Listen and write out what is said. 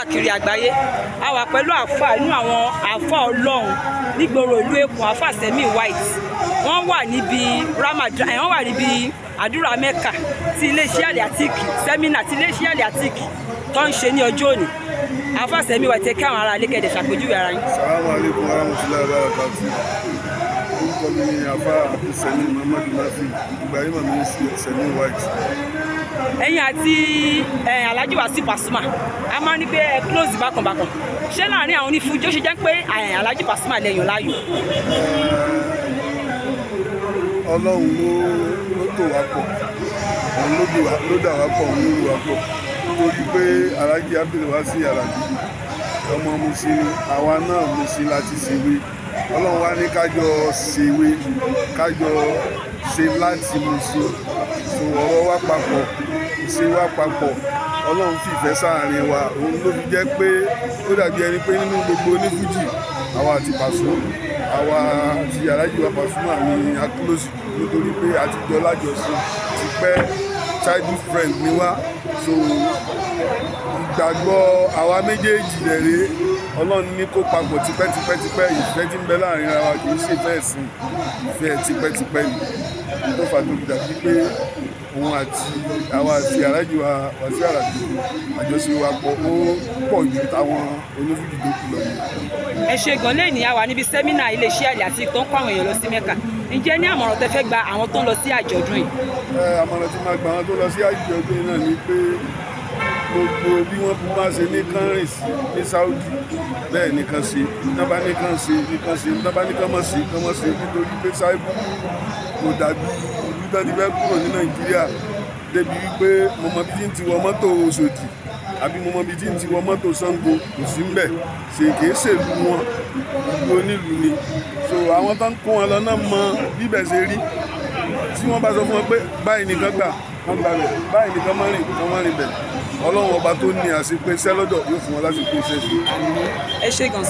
káàkiri àgbáyé a wà pẹ̀lú àfà inú àwọn àfà ọlọ́run nígboro ìlú Èkó àfà Sẹ́mi White wọ́n wà níbi Ramadan eh, wọ́n wà níbi àdúrà Mẹ́kà ti iléeṣẹ́ àlìátìkì sẹ́mínà ti iléeṣẹ́ àlìátìkì tó ń ṣe ní ọjọ́ òní àfà Sẹ́mi White tẹ kí àwọn ará ilé ṣàpèjúwe ara yín. Assalamu alaikum warahmatullahi wabarakatuh orúkọ mi ni àfà Sẹ́mi Muhammadu Nafi ìgbà yìí màmí Sẹ́mi White ẹ̀yin àti Alhaji Wasiu Pasuma a máa ní pé close bákànbákàn ṣé láàrin àwọn onífuji ó ṣe jẹ́ pé Alhaji Pasuma lẹ́yìn láàyò. ọlọ́run ló tò wá pọ̀ òun ló dà wá pọ̀ òun ló lù wá pọ̀ torí pé Alhaji Abdul Wasiu Alabi ọmọ Mùṣin àwa náà Mùṣin láti ṣèwé ọlọ́run wá ní kájọ ṣèwé kájọ ṣe láti mú sí so ọ̀rọ̀ wa papọ̀ ṣe wa papọ̀ ọlọ́run fìfẹ́ sáàrin wa òun ló fi jẹ́ pé ó dàbí ẹni pé nínú gbogbo onífújì àwa àti Pàsó àwa àti Àlájì wa Pasuma ní akílòsì nítorí pé àtijọ́ lájọsìn ti pẹ́ childhood friend ni wá so ìgbàgbọ́ àwa méjèèjì rẹ̀ ọlọ́run ní kó papọ̀ tipẹ́tipẹ́tipẹ́ ìfẹ́ tí ń bẹ láàrin ara wa kì í ṣe ìfẹ́ ẹ̀sìn ìfẹ́ tipẹ́tipẹ́ ni tó fà tó dàbí pé òun àti àwa àti aláàjì wa Wasiu Àlàbí àjọṣe wa pọ̀ ó pọ̀ ju táwọn onífújì tó kù lọ. ẹ ṣe gan lẹ́yìn ní àwa níbi sẹ́mínà iléeṣẹ́ àlè àti ìtàn kó àwọn èèyàn lọ sí mẹ́ka ǹjẹ́ ní àmọ̀ràn tẹ fẹ́ gba àwọn tó ń lọ sí àjọ̀dún yìí. àmọ̀ràn tí máa gba àwọn tó lọ sí àjọ̀dún náà ni pé gbogbo bí wọ́n fi wá ṣe ní kánrin sí ní Saudi bẹ́ẹ̀ nìkan ṣe nígbà nìkan ṣe nìkan ṣe nígbà nìkan mọ̀ ṣe nìkan mọ̀ ṣe nítorí pé Saudi kò dàbí ìlú tó ti fẹ́ kúrò ní Nàìjíríà débi wípé mo mọ bí tí ń ti wọ mọ́tò Òṣòdì àbí mo mọ bí tí ń ti wọ mọ́tò Ṣàngó kò sí ń bẹ̀ ṣe kìí ṣèlú wọn ìlú onílù ni so àwọn tó ń kó wọn lọ náà mọ bíbẹ̀ ṣe rí tí wọ́n bá sọ fún wọn pé báyìí nìkan gbà wọ́n gba bẹ̀ báyìí nìkan máa rìn nìkan máa rìn bẹ̀ ọlọ́run ọba tó ní àṣepé sẹ́lọ́dọ̀ yóò fún wọn láti pín iṣẹ́ sí. ẹ ṣe gan